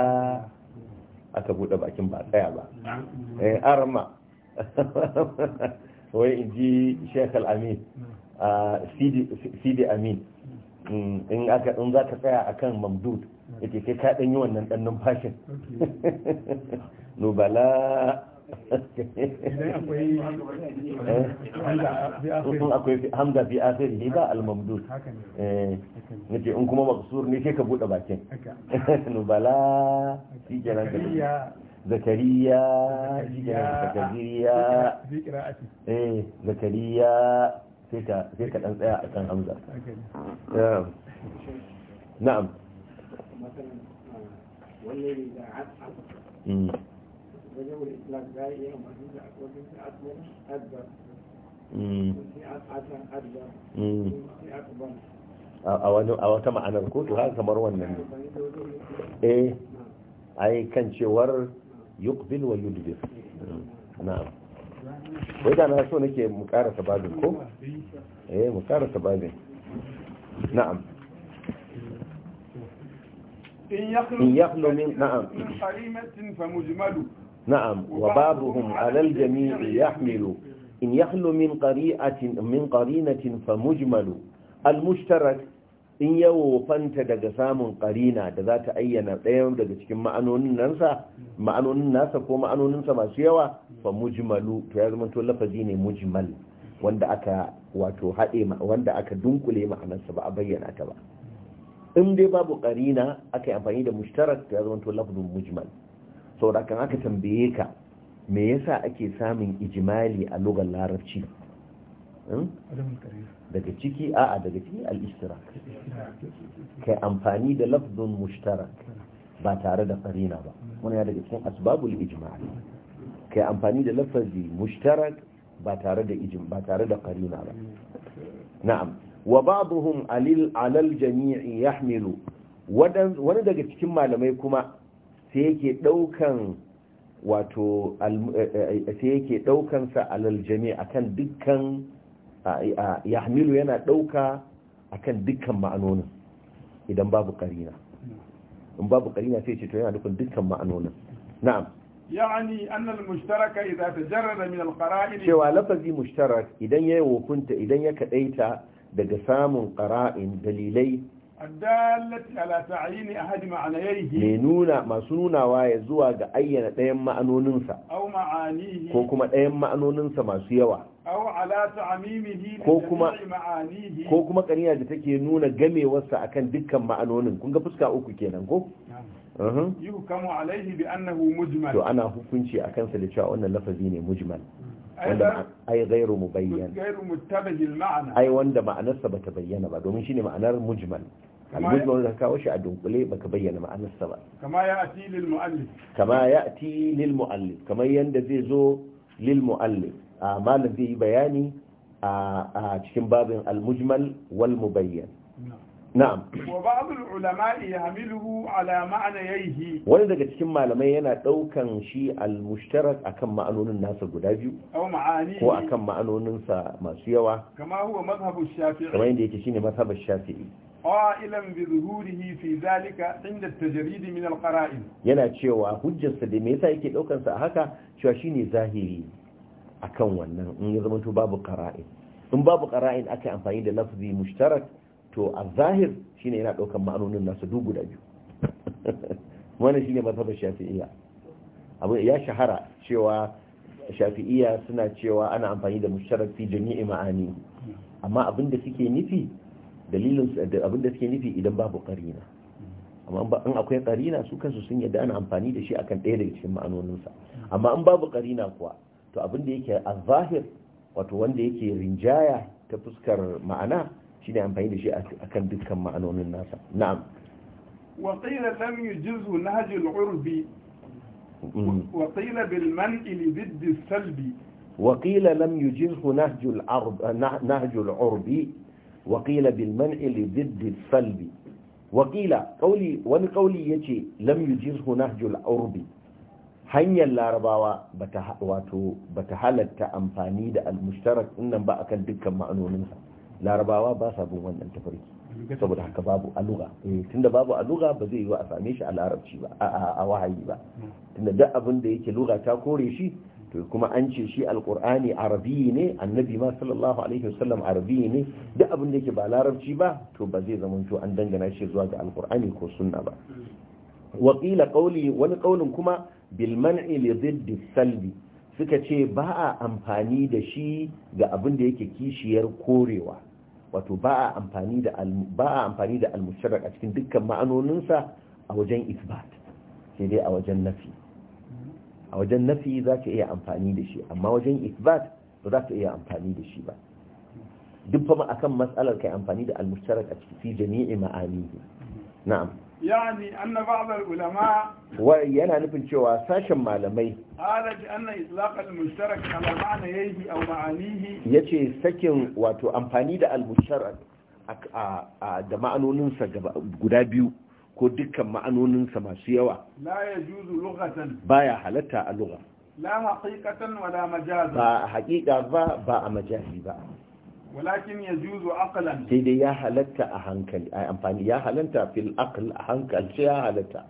aka bude bakin ba tsaya ba eh arma wai in ji sheikh al-amin sidi amin mm, in aka in za ka tsaya akan mamdud yake sai ka ɗanyi wannan ɗan numfashin nubala in akwai hamza fi asiri ne ba al na Nake in kuma maksur ne sai ka buɗe bakin nubala zakariya zakariya tsaya a hamza wajen wani islam za a iya amfani da wajen sai asman adbar a wata ma'anar ko to haka kamar wannan ne a ai kan cewar Yukbil wa yudbir na'am wai da na so nake mu karasa babin ko eh mu karasa babin na'am in yakhlu min na'am min harimatin fa mujmalu na'am wa ba'dhum 'ala al-jami'i yahmilu in yahlu min qari'atin min qarinatin fa mujmalu al-mushtarak in yawo fanta daga samun qarina da zata ayyana ɗaya daga cikin ma'anonin nasa ko ma'anoninsa masu yawa fa mujmalu to ya zama to lafazi ne mujmal wanda aka wato haɗe wanda aka dunkule ma'anarsa ba a bayyana ta ba in dai babu ƙarina aka yi amfani da mushtarak to ya zama to lafzun mujmal saboda kan aka tambaye ka me yasa ake samun ijimali a lugar larabci hmm? daga ciki a'a daga ciki al-ishtirak kai amfani da lafzun mushtarak ba tare da qarina ba wannan ya daga cikin asbabul ijimali. kai amfani da lafazi mushtarak ba tare da ijim ba tare da qarina ba na'am wa ba'dhum alil alal jami'i yahmilu wani daga cikin malamai kuma sai yake daukan wato eh, eh, eh, sai yake daukan sa alal jami'a kan dukkan ya hamilu yana dauka akan dukkan ma'anonin idan babu karina in babu karina sai ce to yana dukkan dukkan ma'anonin na'am yani anna almushtaraka idha tajarrada min alqara'in cewa lafazi mushtarak idan yayi wukunta idan ya kadaita daga samun qara'in dalilai addallati nuna masu nunawa ya zuwa ga ayyana ɗayan ma'anoninsa ko kuma ɗayan ma'anoninsa masu yawa ko kuma ma'anihi da take nuna gamewarsa akan dukkan ma'anonin kun ga fuska uku kenan ko uh-huh. yuhkamu alaihi bi annahu mujmal to ana hukunci a kansa da cewa wannan lafazi ne mujmal ai gairu mubayyan gairu muttabajil ma'ana ai wanda ma'anarsa bata bayyana ba domin shine ma'anar mujmal al-mujmal da kawo shi a dunkule baka bayyana ma'anarsa ba kama ya'ti lil mu'allif kama ya'ti lil mu'allif kamar yanda zai zo lil mu'allif malam zai yi bayani a cikin babin al-mujmal wal mubayyan na'am wa ba'd al-ulama yahmiluhu ala ma'anayhi wani daga cikin malamai yana daukan shi al-mushtarak akan ma'anonin nasa guda biyu aw ma'ani ko akan ma'anonin sa masu yawa kama huwa madhhabu shafi'i kamar yadda yake shine madhhabu shafi'i qailan bi zuhurihi fi zalika inda at-tajrid min yana cewa hujjarsa da me yasa yake daukan sa haka cewa shine zahiri akan wannan in ya zama to babu qara'in in babu qara'in aka amfani da lafzi mushtarak to a zahir shine yana daukan ma'anonin nasu duk guda biyu wannan shine mazhabar shafi'iyya abu ya shahara cewa shafi'iyya suna cewa ana amfani da musharraf fi jami'i ma'ani amma abinda suke nufi dalilin abinda suke nufi idan babu karina amma in akwai karina su kansu sun yadda ana amfani da shi akan ɗaya daga cikin ma'anoninsa amma in babu karina kuwa to abinda yake a zahir wato wanda yake rinjaya ta fuskar ma'ana shi ne amfani شيء shi a kan dukkan ma'anonin nasa na'am waƙila lam yi jizu na hajjil urbi وقيل لم يجزه نهج العرب نهج العرب وقيل بالمنع لضد السلب وقيل قولي والقولي يجي لم يجزه نهج العرب هنيا لارباوا بتهواتو بتهلت امفاني ده المشترك ان با اكن دكان معنونه larabawa ba sa bin wannan tafarki saboda haka babu tun eh, tunda babu aluga ba zai yi wa a same shi a larabci ba a wahayi ba tunda duk abin da yake luga ta kore shi to kuma an ce shi alkur'ani arabi ne annabi ma sallallahu alaihi wasallam arabi ne duk abin da yake ba larabci ba to ba zai zama to an dangana shi zuwa ga alkur'ani ko sunna ba wa qila wani qawlin kuma bil man'i li dhidd salbi suka ce ba a amfani da shi ga abin da yake kishiyar korewa wato ba a amfani da ba a al-musharrak a cikin dukkan ma'anoninsa a wajen isbat sai dai a wajen nafi a wajen nafi za ka iya amfani da shi amma wajen isbat ba za ka iya amfani da shi ba duk fa akan matsalar kai amfani da al-musharrak a cikin jami'i ma'anihi na'am yani anna ba'd al-ulama wa yana nufin cewa sashen malamai alaji anna itlaq al-mushtarak ala ma'anihi aw ma'anihi yace sakin wato amfani da al-mushtarak da ma'anoninsa guda biyu ko dukkan ma'anoninsa masu yawa la yajuzu lughatan baya halatta a lugha la haqiqatan wala majazan ba haqiqa ba ba a majazi ba walakin ya juzo akalan sai ya halatta a amfani ya halatta fil akal a ya halatta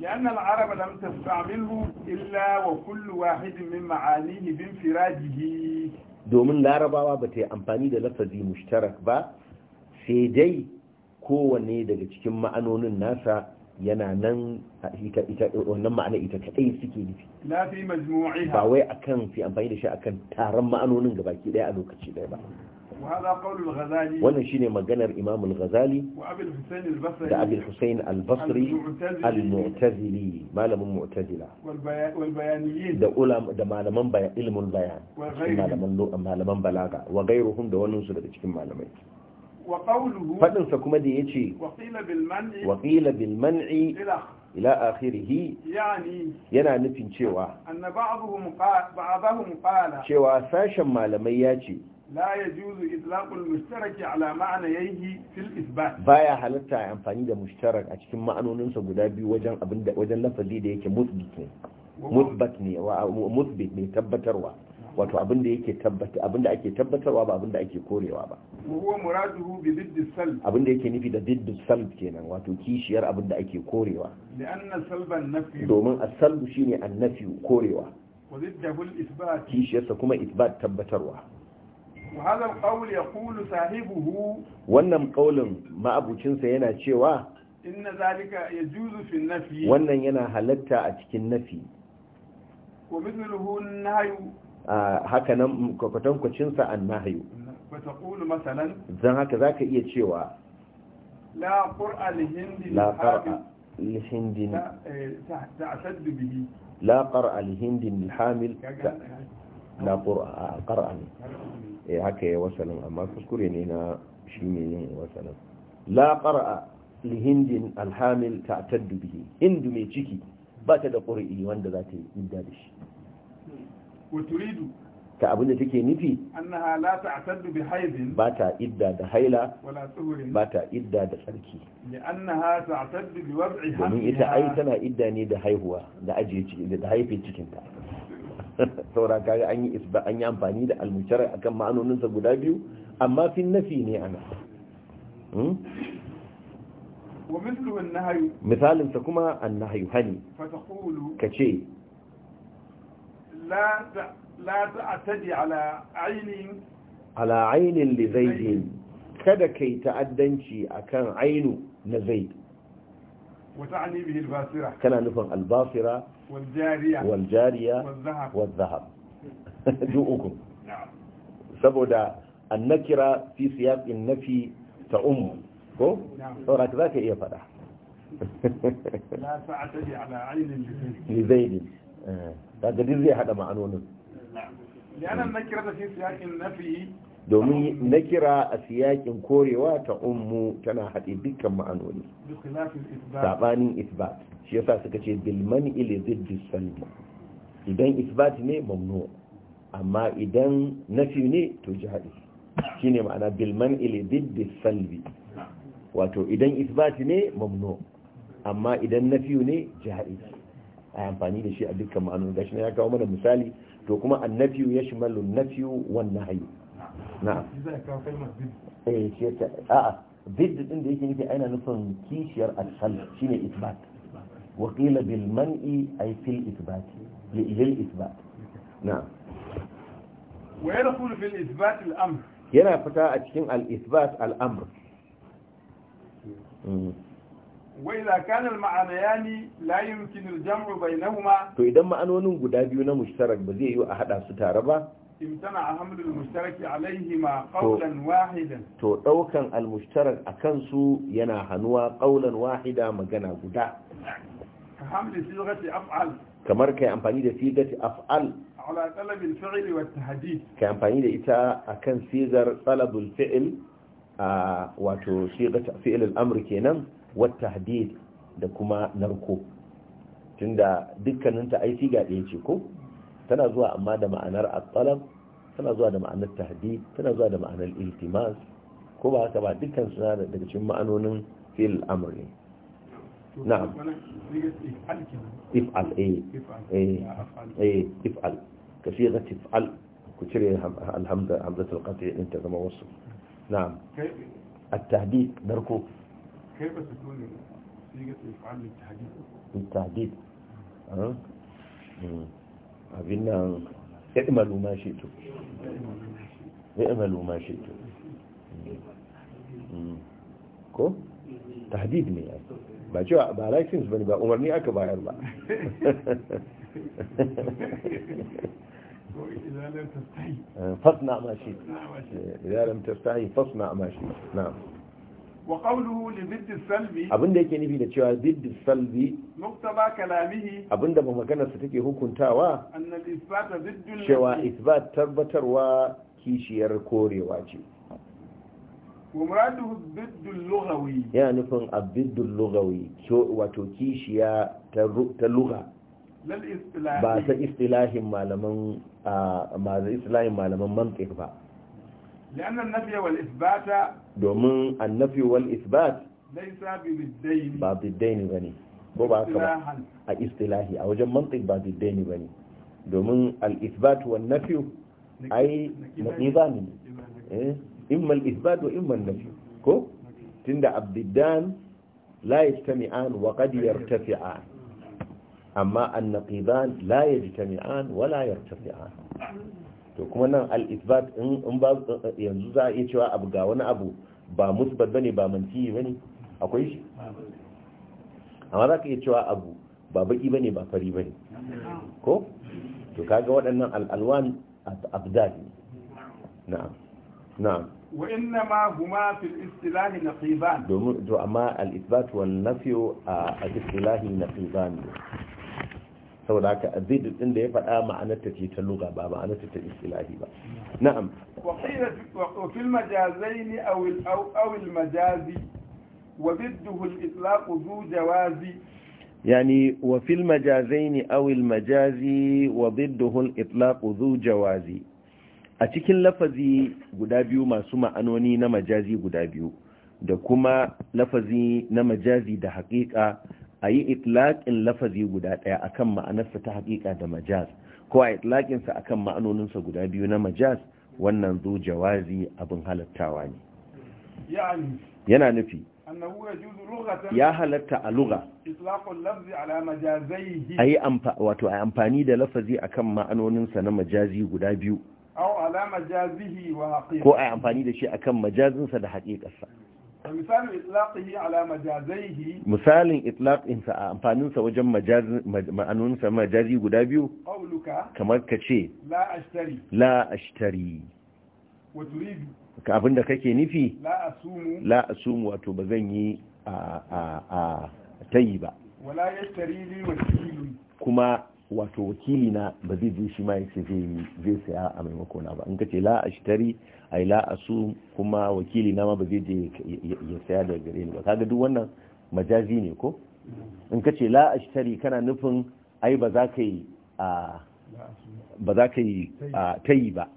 العرب لم تستعمله إلا وكل واحد من معانيه بانفراده domin larabawa ba ta yi amfani da lafazi mushtarak ba sai dai kowanne daga cikin ma'anonin nasa yana nan wannan ma'ana ita kadai suke nufi ba wai akan fi amfani da shi akan taron ma'anonin gabaki daya a lokaci ɗaya ba wannan shine maganar imam al-ghazali da abu al-husayn al-basri al-mu'tazili malamin mu'tazila da malaman bayan ilmul bayan malaman balaga wa gairuhum da wannansu daga cikin malamai faɗinsa kuma da ya ce waƙila bilman'i ila akhirihi yana nufin cewa cewa sashen malamai ya ce la yajuzu itlaqul mushtaraki ala ma'anayhi fil isbat baya halatta ya amfani da mushtarak a cikin ma'anoninsa guda biyu wajen abin da wajen lafazi da yake musbit ne musbat ne wa musbit ne tabbatarwa wato abin da yake tabbata abin da ake tabbatarwa ba abin da ake korewa ba huwa muraduhu bi didd salb abin da yake nufi da didd salb kenan wato kishiyar abin da ake korewa li anna salban nafi domin as-salb shine an-nafi korewa wa didd al-isbat kishiyarsa kuma isbat tabbatarwa وهذا القول يقول صاحبه wannan kaulin ma'abucinsa yana cewa inna zalika yajuzu fi nafi wannan yana halatta a cikin nafi wa mithluhu nahyu haka nan kwatankwacin sa an nahyu fa taqulu masalan dan haka zaka iya cewa la qur'a li hindi la qur'a li hindi bihi la hindi al hamil la E haka ya wasalin amma kuskure ne na shi ne yin wasalin la qara'a li hindin alhamil ta'taddu bihi hindu mai ciki ba ta da qur'i wanda za ta yi idda da shi wa turidu ta abin da take nufi annaha la ta'taddu bi haidin ba ta idda da haila wala tuhrin ba ta idda da sarki li'annaha ta'taddu bi wad'i hamliha domin ita ai tana idda ne da haihuwa da ajiye ciki da haife cikin ta saura kaga an yi isba an yi amfani da almushara akan sa guda biyu amma fin nafi ne ana misalin sa kuma annahyu hani kace la la ta'tadi ala aynin ala aynin li zaidin kada kai ta'addanci akan ainu na zaid wata ani bihi al kana nufin al-basira والجارية والجارية والذهب والذهب جوءكم نعم سبودا النكرة في سياق النفي تأم كو نعم ورك ذاك إيه فرح لا تعتدي على عين لزيد هذا آه. دي زي هذا معنونه نعم لأن النكرة في سياق النفي domin na kira a siyakin korewa ta ummu tana haɗe dukkan ma'anoni saɓanin isbat shi yasa suka ce bilmani ile ziddi salbi idan isbat ne mamnu amma idan nafi ne to jihadi shi ne ma'ana bilman ile ziddi salbi wato idan isbat ne mamnu amma idan nafi ne jihadi a amfani da shi a dukkan ma'anoni gashi na ya kawo mana misali to kuma annafiyu ya shimalu nafiyu wannan hayu na'am eh shi ta da yake nufi aina nufin kishiyar al isbat wa qila bil man'i isbat isbat na'am wa yadkhulu fil isbat al yana fita a cikin al-isbat al-amr hmm. to idan ma'anonin guda biyu na mushtarak ba zai yi a hada su tare ba imtana alhamdul mushtaraki alaihima qawlan wahidan to daukan almushtarak akan su yana hanuwa qawlan wahida magana guda hamli sigati af'al kamar kai amfani da sigati af'al ala talab alfi'l wa tahdid kai amfani da ita akan sigar talab alfi'l wato sigat fi'l kenan wa tahdid da kuma narko tunda dukkaninta ai siga ɗaya ce ko tana zuwa amma da ma'anar at-talab tana zuwa da ma'anar tahdid tana zuwa da ma'anar iltimas ko ba haka ba dukkan suna daga cikin ma'anonin fil amri na'am if'al eh eh if'al kafiya da if'al ku cire alhamda hamzatul qati' din ta zama wasu na'am at-tahdid darko كيف تكون صيغه الافعال للتحديد للتحديد اه عفنا اعملوا ما شئتوا اعملوا ما شئتوا كو تهديدني يعني باجو بالايسنس بني با أكبر اك با يلا فاصنع ما شئت اذا لم تستحي فاصنع ما شئت نعم wa qawluhu yake nufi da cewa didd salbi muktaba kalamihi da ba maganar sa take hukuntawa isbata cewa isbat tabbatarwa kishiyar korewa ce wa ya nufin abdidd lugawi wato kishiya ta lugha ba ta istilahin malaman ba ba li'annan nafi wal isbata wal isbat laysa bi biddaini ba biddaini ko ba haka ba a istilahi a wajen mantiq ba biddaini bane domin al isbat wan nafi ai nizami eh imma al isbat wa imma an nafi ko amma to kuma nan al-isbat in ba yanzu za a iya cewa abu ga wani abu ba musbat bane ba manfi bane akwai shi amma za ka iya cewa abu ba baki bane ba fari bane ko to kaga waɗannan al-alwan abdad na'am na'am wa inna ma huma al istilahi naqiban to amma al-isbat wal nafyu a istilahi naqiban saboda haka azid din da ya faɗa ma'anarta ce ta lugha ba ma'anarta ta istilahi ba na'am wa qila fil majazain aw aw al majazi wa bidduhu al itlaq zu jawazi yani wa fil majazain aw al majazi wa bidduhu al itlaq jawazi a cikin lafazi guda biyu masu ma'anoni na majazi guda biyu da kuma lafazi na majazi da haƙiƙa a yi itlaƙin lafazi guda ɗaya akan ma'anarsa ta haƙiƙa da majaz ko a itlaƙinsa akan ma'anoninsa guda biyu na majaz wannan zo jawazi abin halattawa ne yana nufi ya halatta a luga a yi amfani da lafazi akan ma'anoninsa na majazi guda biyu ko a amfani da shi akan majazinsa da haƙiƙarsa misalin itlaƙinsa a amfaninsa wajen ma'anunsa majazi guda biyu kamar ka ce la ashtari ka abinda kake nufi la asumu wato ba zan yi a tayi ba kuma wato wakili na ba zai je shi ma ya ce zai saya a maimakona ba in ka ce la ashtari ai la asu kuma wakili na ma ba zai je ya saya da gare ni ba kaga duk wannan majazi ne ko in ka ce la ashtari kana nufin ai ba za ka yi ba za ka yi ta yi ba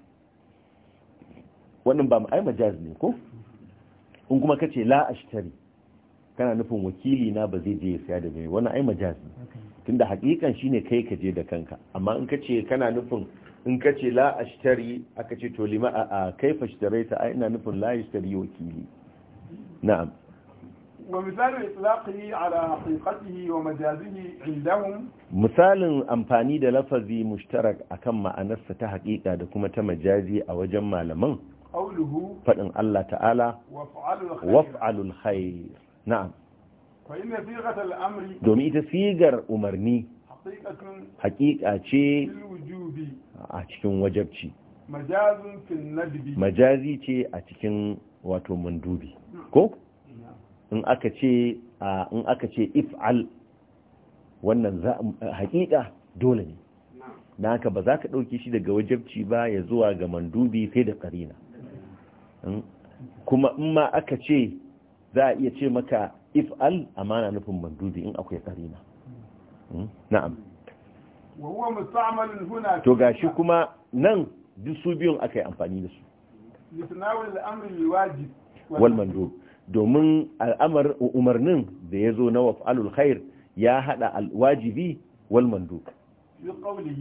wannan ba ai majazi ne ko in kuma ka ce la ashtari kana nufin wakili na ba zai je ya saya da gare wannan ai majazi tunda hakikan shine kai ka je da kanka amma in ka ce kana nufin in ka ce la ashtari aka ce to lima a kaifa ashtaraita ai ina nufin la ashtari wakili na'am wa misalin itlaqihi ala haqiqatihi wa majazihi indahum misalin amfani da lafazi mushtarak akan ma'anarsa ta haƙiƙa da kuma ta majazi a wajen malaman faɗin Allah ta'ala waf'alul khair na'am fa inna sighatal amri domin ita sigar umarni haƙiƙa ce a cikin wajabci majazi ce a cikin wato mundubi ko in aka ce in aka ce if'al wannan haƙiƙa dole ne na haka ba za ka ɗauki shi daga wajabci ba ya zuwa ga mandubi sai da ƙarina hmm? kuma in ma aka ce za a iya ce maka if'al amana nufin mandubi in akwai ƙarina Hmm? na'am wa huna to gashi kuma nan duk su biyun aka yi amfani da su wajib wal mandub domin al'amar umarnin da ya zo na waf'alul khair ya hada wajibi wal mandub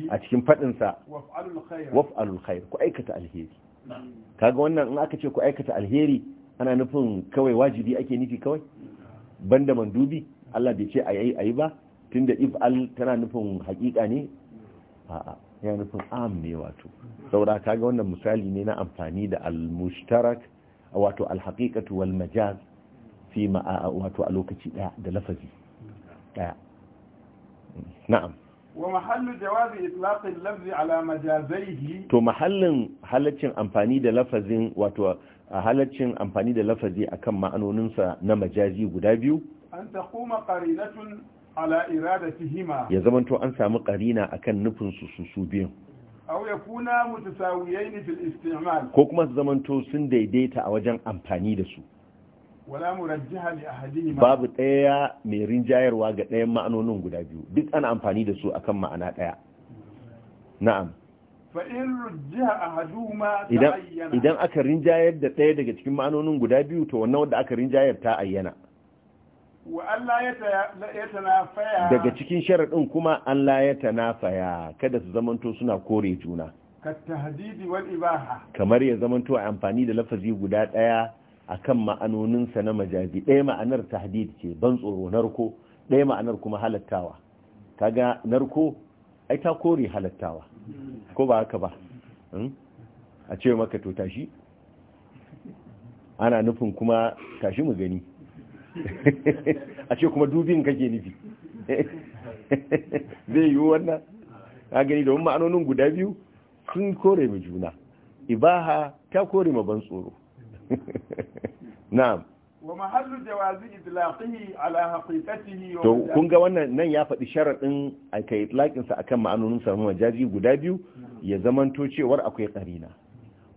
a cikin fadinsa waf'alul khair ku aikata alheri kaga wannan in aka ce ku aikata alheri ana nufin kawai wajibi ake nufi kawai banda mandubi Allah bai ce a yi ba tunda if'al tana nufin hakika ne a'a yana nufin am ne wato saboda kaga wannan misali ne na amfani da al-mushtarak wato al-haqiqatu wal majaz fi ma wato a lokaci daya da lafazi daya na'am wa mahallu jawazi itlaq al-lafzi ala majazaihi to mahallin halaccin amfani da lafazin wato halaccin amfani da lafazi akan sa na majazi guda biyu an taquma qarinatun ala iradatihima ya to an samu karina akan nufin su su su biyan aw yakuna mutasawiyayn fil isti'mal ko kuma su to sun daidaita a wajen amfani da su wala murajjaha li ahadihima babu daya mai rinjayarwa ga dayan ma'anonin guda biyu duk ana amfani da su akan ma'ana daya na'am idan aka rinjayar da ɗaya daga cikin ma'anonin guda biyu to wannan wanda aka rinjayar ta ayyana daga cikin sharaɗin kuma Allah ya tanafaya kada su zamanto suna kore juna kamar ya zamanto a amfani da lafazi guda ɗaya a kan ma'anoninsa na majazi ɗaya ma'anar tahdid ce ban tsoro narko ɗaya ma'anar kuma halattawa kaga narko ai ta kore halattawa ko ba haka ba hmm? a ce maka to tashi ana nufin kuma tashi mu gani a ce kuma dubin kake nufi zai yi wannan a gani domin ma'anonin guda biyu sun kore mai juna ibaha ta kore ma ban tsoro na'am wa mahallu jawazi idlaqihi ala haqiqatihi to kun ga wannan nan ya faɗi sharadin kai idlaqin sa akan ma'anonin sa majaji guda biyu ya zamanto cewar akwai karina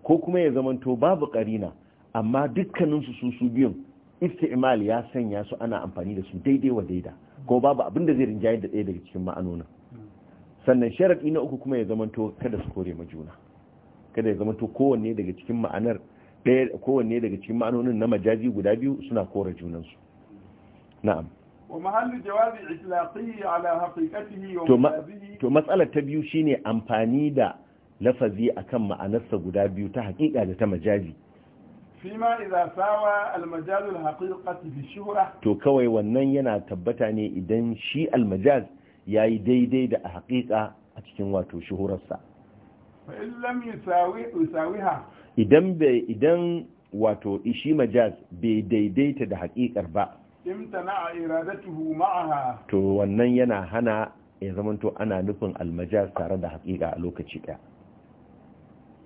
ko kuma ya zamanto babu karina amma dukkanin su su su biyun istimali ya sanya su ana amfani da su daidai wa daida ko babu abin da zai rinjaye da ɗaya daga cikin ma'anonin sannan sharaɗi na uku kuma ya to kada su kore majuna kada ya to kowanne daga cikin ma'anar ɗaya kowanne daga cikin ma'anonin na majaji guda biyu suna kore junansu na'am wa mahallu jawazi islaqi ala haqiqatihi wa majazihi to matsalar ta biyu shine amfani da lafazi akan ma'anarsa guda biyu ta haƙiƙa da ta majaji. fima idza sawa almajaz alhaqiqati bi shuhra to kawai wannan yana tabbata ne idan shi almajaz yi daidai da a haƙiƙa a cikin wato shuhurarsa fa in lam yusawi yusawiha idan bai idan wato ishi majaz bai daidaita da haƙiƙar ba imtana'a iradatuhu ma'aha to wannan yana hana ya zama to ana nufin almajaz tare da haƙiƙa a lokaci ɗaya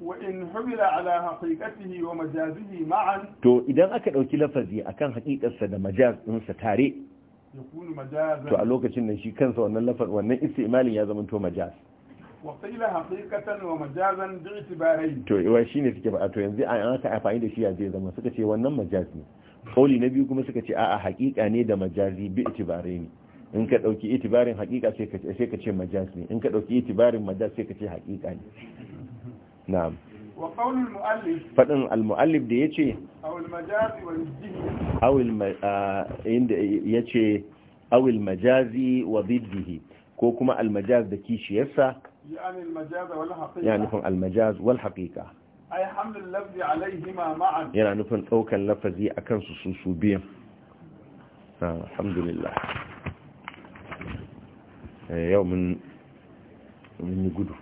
وإن حمل على حقيقته ومجازه معا تو إذا أكد أوكي لفظي أكان حقيقة سد مجاز أنسى تاري يكون مجازا تو ألوك شنن شي كان سوى أن اللفظ وأن استعمالي يا زمن تو مجاز وقيل حقيقة ومجازا باعتبارين تو وشين سكي بقى تو ينزي أنا أفعين لشي يا زي زمن سكتي وأن مجازني قولي نبي كما سكتي آآ حقيقة نيدا مجازي باعتبارين in ka ɗauki itibarin hakika sai ka ce majaz ne in ka ɗauki itibarin majaz sai ka ce hakika ne na'am faɗin al-mu'allif da ya ce ya ce awil majazi wa ko kuma al-majaz da kishiyarsa ya nufin al-majaz wal haƙiƙa yana nufin ɗaukan lafazi a kansu sun su biyan alhamdulillah eh, yau mun yi gudu